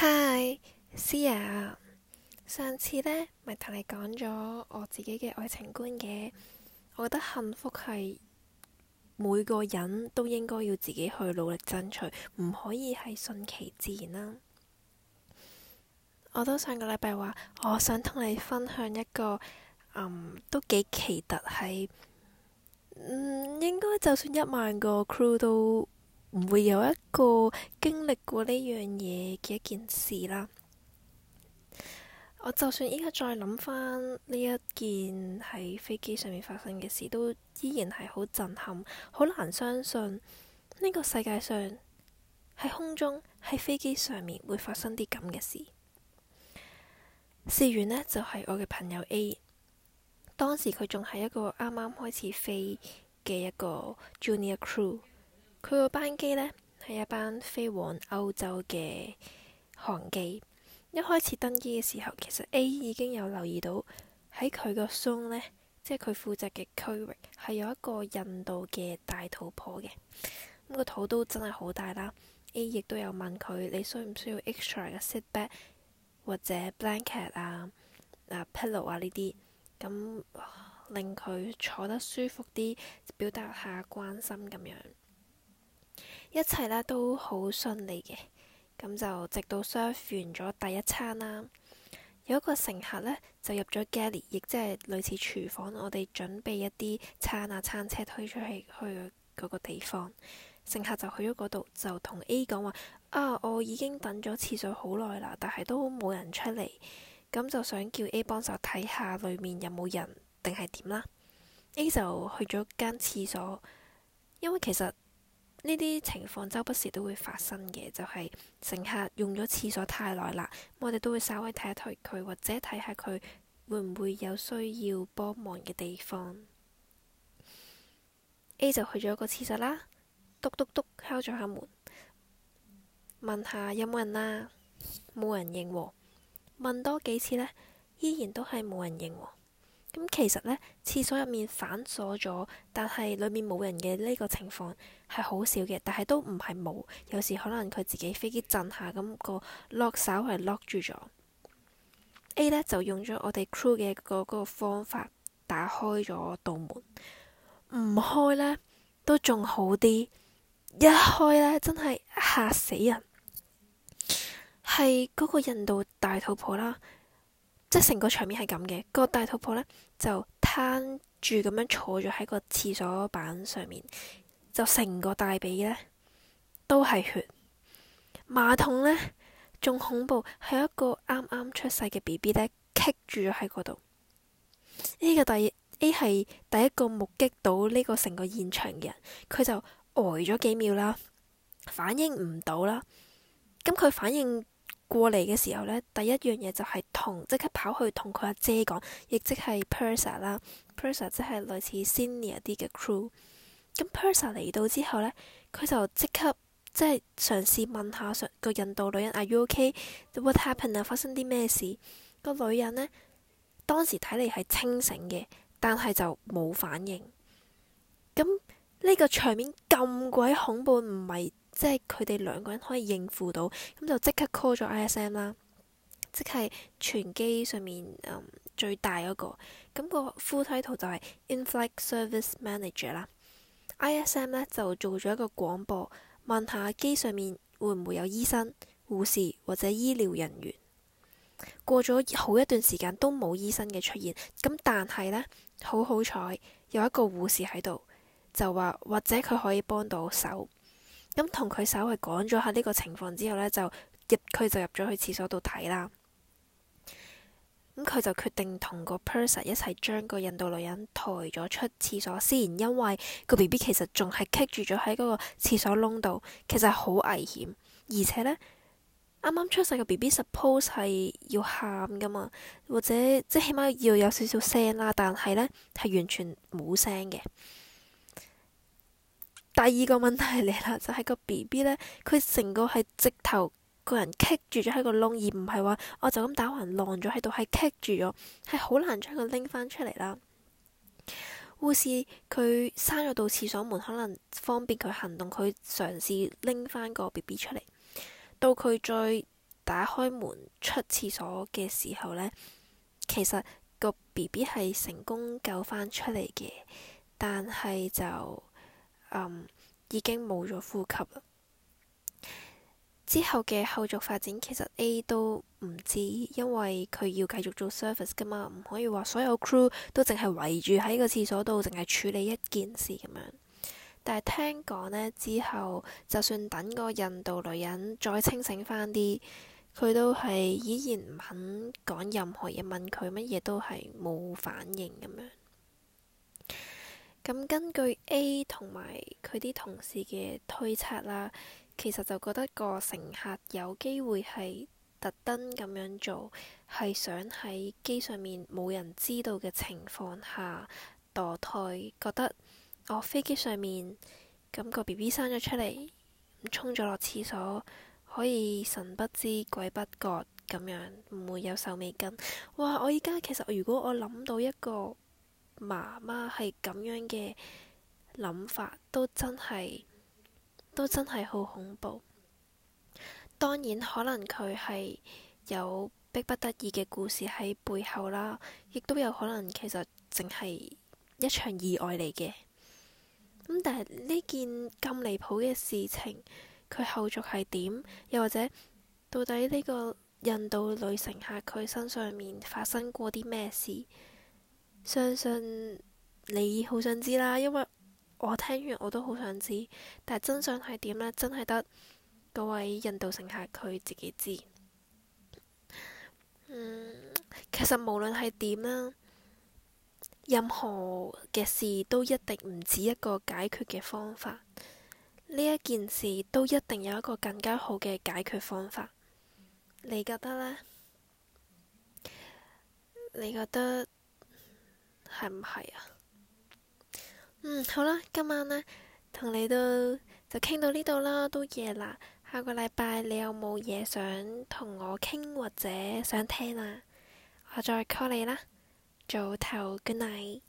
Hi，Sia，上次呢咪同你講咗我自己嘅愛情觀嘅，我覺得幸福係每個人都應該要自己去努力爭取，唔可以係順其自然啦。我都上個禮拜話，我想同你分享一個，嗯、都幾奇特係，嗯，應該就算一萬個 crew 都。唔會有一個經歷過呢樣嘢嘅一件事啦。我就算而家再諗翻呢一件喺飛機上面發生嘅事，都依然係好震撼，好難相信呢個世界上喺空中喺飛機上面會發生啲咁嘅事。事源呢，就係、是、我嘅朋友 A，當時佢仲係一個啱啱開始飛嘅一個 junior crew。佢個班機呢，係一班飛往歐洲嘅航機。一開始登機嘅時候，其實 A 已經有留意到喺佢個 zone 呢，即係佢負責嘅區域係有一個印度嘅大肚婆嘅。咁、咁個肚都真係好大啦。A 亦都有問佢：你需唔需要 extra 嘅 sit back 或者 blanket 啊、啊 pillow 啊呢啲，咁令佢坐得舒服啲，表達下關心咁樣。一切咧都好順利嘅，咁就直到 serve 完咗第一餐啦。有一個乘客咧就入咗 galley，亦即係類似廚房。我哋準備一啲餐啊餐車推出去去嗰個地方。乘客就去咗嗰度，就同 A 講話啊，我已經等咗廁所好耐啦，但係都冇人出嚟，咁就想叫 A 幫手睇下裏面有冇人定係點啦。A 就去咗間廁所，因為其實。呢啲情況周不時都會發生嘅，就係乘客用咗廁所太耐喇。我哋都會稍微睇一睇佢，或者睇下佢會唔會有需要幫忙嘅地方。A 就去咗個廁所啦，篤篤篤敲咗下門，問下有冇人啊，冇人應，問多幾次呢，依然都係冇人應。咁其實呢，廁所入面反鎖咗，但係裏面冇人嘅呢個情況係好少嘅，但係都唔係冇。有時可能佢自己飛機震下，咁個 lock 手係 lock 住咗。A 呢就用咗我哋 crew 嘅嗰個方法打開咗道門，唔開呢都仲好啲，一開呢真係嚇死人，係嗰個印度大肚婆啦。即係成個場面係咁嘅，個大肚婆呢就攤住咁樣坐咗喺個廁所板上面，就成個大髀呢都係血。馬桶呢仲恐怖，係一個啱啱出世嘅 BB 呢棘住咗喺嗰度。呢個第呢係第一個目擊到呢個成個現場嘅人，佢就呆咗幾秒啦，反應唔到啦。咁佢反應過嚟嘅時候呢，第一樣嘢，就係同即刻跑去同佢阿姐講，亦即係 Purser 啦，Purser 即係類似 Senior 啲嘅 crew。咁 Purser 嚟到之後呢，佢就即刻即係嘗試問下個印度女人 Are you okay？What happened 呀？發生啲咩事？個女人呢，當時睇嚟係清醒嘅，但係就冇反應。咁呢個場面咁鬼恐怖，唔係？即係佢哋兩個人可以應付到，咁就即刻 call 咗 ISM 啦。即係全機上面、嗯、最大嗰個咁、個 full title 就係 Inflight Service Manager 啦。ISM 呢就做咗一個廣播問下機上面會唔會有醫生、護士或者醫療人員。過咗好一段時間都冇醫生嘅出現，咁但係呢，好好彩有一個護士喺度就話，或者佢可以幫到手。咁同佢稍微講咗下呢個情況之後呢，就入佢就入咗去廁所度睇啦。咁、嗯、佢就決定同個 person 一齊將個印度女人抬咗出廁所。雖然因為個 B B 其實仲係棘住咗喺嗰個廁所窿度，其實好危險，而且呢，啱啱出世個 B B suppose 係要喊噶嘛，或者即係起碼要有少少聲啦。但係呢，係完全冇聲嘅。第二個問題嚟啦，就係個 B B 呢。佢成個係直頭個人棘住咗喺個窿，而唔係話我就咁打橫晾咗喺度，係棘住咗，係好難將佢拎返出嚟啦。護士佢閂咗到廁所門，可能方便佢行動。佢嘗試拎返個 B B 出嚟，到佢再打開門出廁所嘅時候呢，其實個 B B 係成功救返出嚟嘅，但係就～嗯，um，已經冇咗呼吸啦。之後嘅後續發展其實 A 都唔知，因為佢要繼續做 service 㗎嘛，唔可以話所有 crew 都淨係圍住喺個廁所度，淨係處理一件事咁樣。但係聽講呢，之後就算等個印度女人再清醒返啲，佢都係依然唔肯講任何嘢，問佢乜嘢都係冇反應咁樣。咁根據 A 同埋佢啲同事嘅推測啦，其實就覺得個乘客有機會係特登咁樣做，係想喺機上面冇人知道嘅情況下墮胎，覺得我飛機上面咁個 B B 生咗出嚟，沖咗落廁所，可以神不知鬼不覺咁樣，唔會有手尾跟。哇！我依家其實如果我諗到一個媽媽係咁樣嘅諗法，都真係都真係好恐怖。當然，可能佢係有逼不得已嘅故事喺背後啦，亦都有可能其實淨係一場意外嚟嘅。咁但係呢件咁離譜嘅事情，佢後續係點？又或者到底呢個印度女乘客佢身上面發生過啲咩事？相信你好想知啦，因為我聽完我都好想知，但真相係點咧？真係得嗰位印度乘客佢自己知。嗯，其實無論係點啦，任何嘅事都一定唔止一個解決嘅方法。呢一件事都一定有一個更加好嘅解決方法。你覺得咧？你覺得？係唔係啊？嗯，好啦，今晚呢，同你都就傾到呢度啦，都夜啦。下個禮拜你有冇嘢想同我傾或者想聽啊？我再 call 你啦，早唞，Good night。